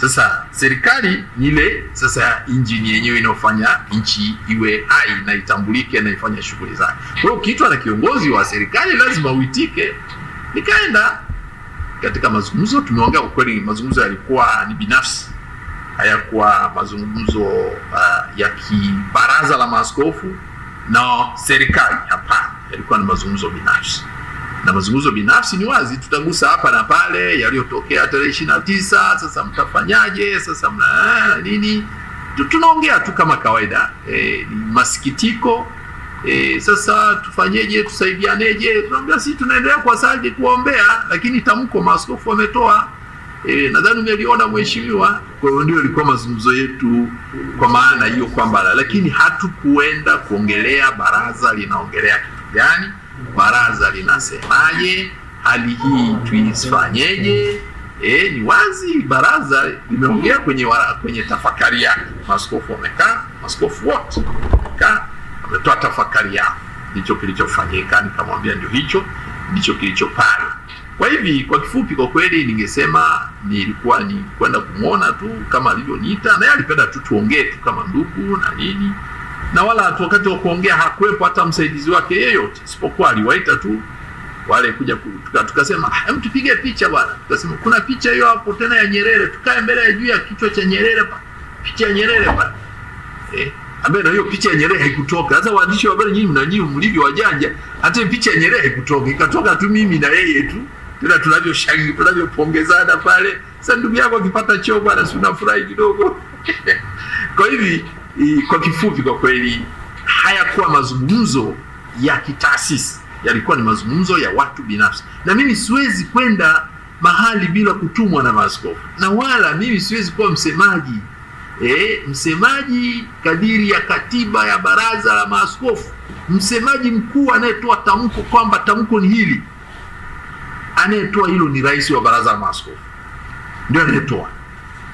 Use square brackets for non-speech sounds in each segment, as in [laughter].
Sasa serikali ni ile sasa injini yenyewe inayofanya nchi iwe hai na itambulike na ifanye shughuli zake. Kwa hiyo ukiitwa na kiongozi wa serikali lazima uitike. Nikaenda katika mazungumzo, tumeongea kwa kweli, mazungumzo yalikuwa ni binafsi, hayakuwa mazungumzo uh, ya kibaraza la maaskofu na serikali, hapana, yalikuwa ni mazungumzo binafsi na mazungumzo binafsi, ni wazi tutagusa hapa na pale yaliyotokea tarehe ishirini na tisa. Sasa mtafanyaje? Sasa mna eh, nini? Tunaongea tu kama kawaida e, masikitiko e, sasa tufanyeje? Tusaidianeje? Tunaambia sisi tunaendelea kwa sadi kuombea, lakini tamko maaskofu wametoa e, nadhani umeliona mheshimiwa. Kwa hiyo ndio ilikuwa mazungumzo yetu kwa maana hiyo kwamba, lakini hatukuenda kuongelea baraza linaongelea kitu gani baraza linasemaje, hali hii tuifanyeje? E, ni wazi baraza limeongea kwenye, kwenye tafakari yake. Maskofu wamekaa, maskofu wote wamekaa, wametoa tafakari yao, ndicho kilichofanyika. Nikamwambia ndio hicho ndicho kilicho pale. Kwa hivi kwa kifupi, kwa kweli ningesema nilikuwa ni kwenda kumwona tu kama alivyoniita, naye alipenda tu tuongee tu kama ndugu na nini na wala hatu wakati wa kuongea hakuwepo hata msaidizi wake yeyote, isipokuwa aliwaita tu wale kuja kutuka, tukasema ah, hem, tupige picha bwana. Tukasema kuna picha hiyo hapo tena ya Nyerere, tukae mbele ya juu ya kichwa cha Nyerere pa picha ya Nyerere pa eh, ambaye na hiyo picha ya Nyerere haikutoka. Sasa waandishi wa habari nyinyi mnajua mlivyo wajanja, hata picha ya Nyerere haikutoka, ikatoka tu mimi na yeye tu, tena tunavyoshangilia tunavyopongezana pale. Sasa ndugu yako akipata cheo bwana, si unafurahi kidogo? [laughs] kwa hivi kwa kifupi, kwa kweli hayakuwa mazungumzo ya kitaasisi, yalikuwa ni mazungumzo ya watu binafsi, na mimi siwezi kwenda mahali bila kutumwa na maaskofu, na wala mimi siwezi kuwa msemaji e, msemaji kadiri ya katiba ya baraza la maaskofu, msemaji mkuu anayetoa tamko kwamba tamko ni hili, anayetoa hilo ni rais wa baraza la maaskofu, ndio anayetoa.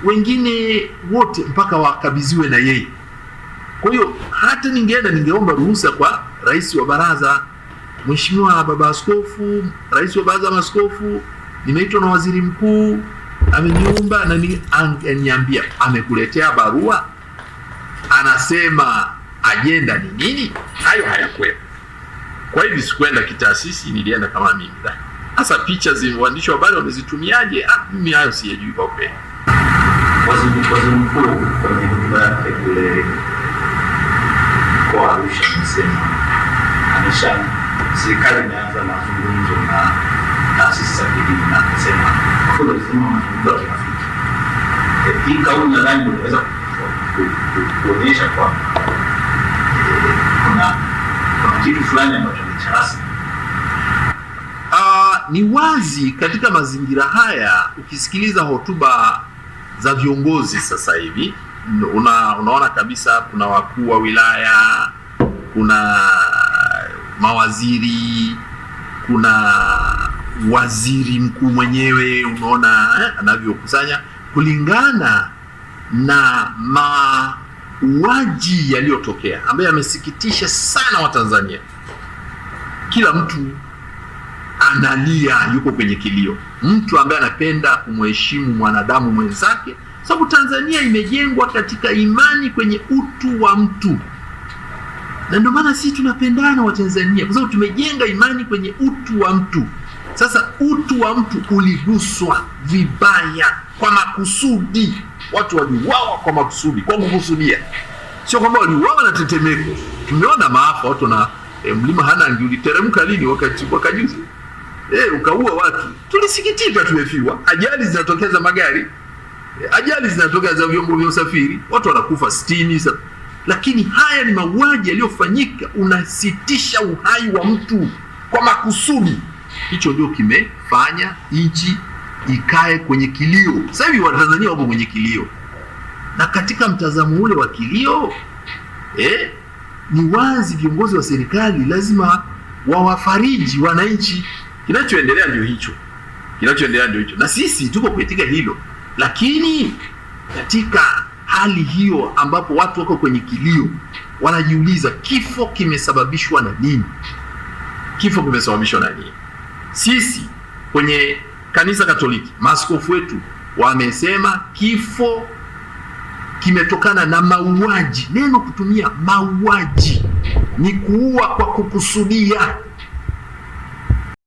Wengine wote mpaka wakabidhiwe na yeye. Kwa hiyo hata ningeenda ningeomba ruhusa kwa rais wa baraza, Mheshimiwa baba askofu, rais wa baraza maskofu, nimeitwa na waziri mkuu ameniomba na ananiambia amekuletea barua, anasema ajenda ni nini? Hayo hayakwepo. Kwa hivyo sikwenda kitaasisi, nilienda kama mimi. Sasa picha zimeandishwa waandishi habari wamezitumiaje? Ah, mimi hayo siyajui kwa kweli. Waziri mkuu kwenye hotuba yake kule mkoa wa Arusha amesema amesha, serikali imeanza mazungumzo na taasisi za kidini na akasema alisema mazungumzo ya kirafiki. Eh, hii kauli nadhani inaweza kuonyesha kwamba eh, kuna kitu fulani ambacho ni cha rasmi. Ah, ni wazi katika mazingira haya, ukisikiliza hotuba za viongozi sasa hivi una, unaona kabisa kuna wakuu wa wilaya, kuna mawaziri, kuna waziri mkuu mwenyewe, unaona eh, anavyokusanya kulingana na mauaji yaliyotokea ambayo yamesikitisha sana Watanzania. Kila mtu analia, yuko kwenye kilio. Mtu ambaye anapenda kumheshimu mwanadamu mwenzake sababu Tanzania imejengwa katika imani kwenye utu wa mtu, na ndio maana sisi tunapendana Watanzania kwa sababu tumejenga imani kwenye utu wa mtu. Sasa utu wa mtu uliguswa vibaya kwa makusudi, watu waliuawa kwa makusudi, kwa kukusudia, sio kwamba waliuawa na tetemeko. Tumeona maafa watu na e, eh, mlima hanangi uliteremka lini? Wakati wakajuzi eh, ukaua watu, tulisikitika, tumefiwa. Ajali zinatokea za magari ajali zinatokea za vyombo vya usafiri, watu wanakufa sitini. Lakini haya ni mauaji yaliyofanyika, unasitisha uhai wa mtu kwa makusudi. Hicho ndio kimefanya nchi ikae kwenye kilio. Sasa hivi Watanzania wapo kwenye kilio, na katika mtazamo ule wa kilio eh, ni wazi viongozi wa serikali lazima wawafariji wananchi. Kinachoendelea ndio hicho, kinachoendelea ndio hicho, na sisi tuko katika hilo. Lakini katika hali hiyo ambapo watu wako kwenye kilio, wanajiuliza kifo kimesababishwa na nini? Kifo kimesababishwa na nini? Sisi kwenye kanisa Katoliki, maaskofu wetu wamesema kifo kimetokana na mauaji. Neno kutumia mauaji ni kuua kwa kukusudia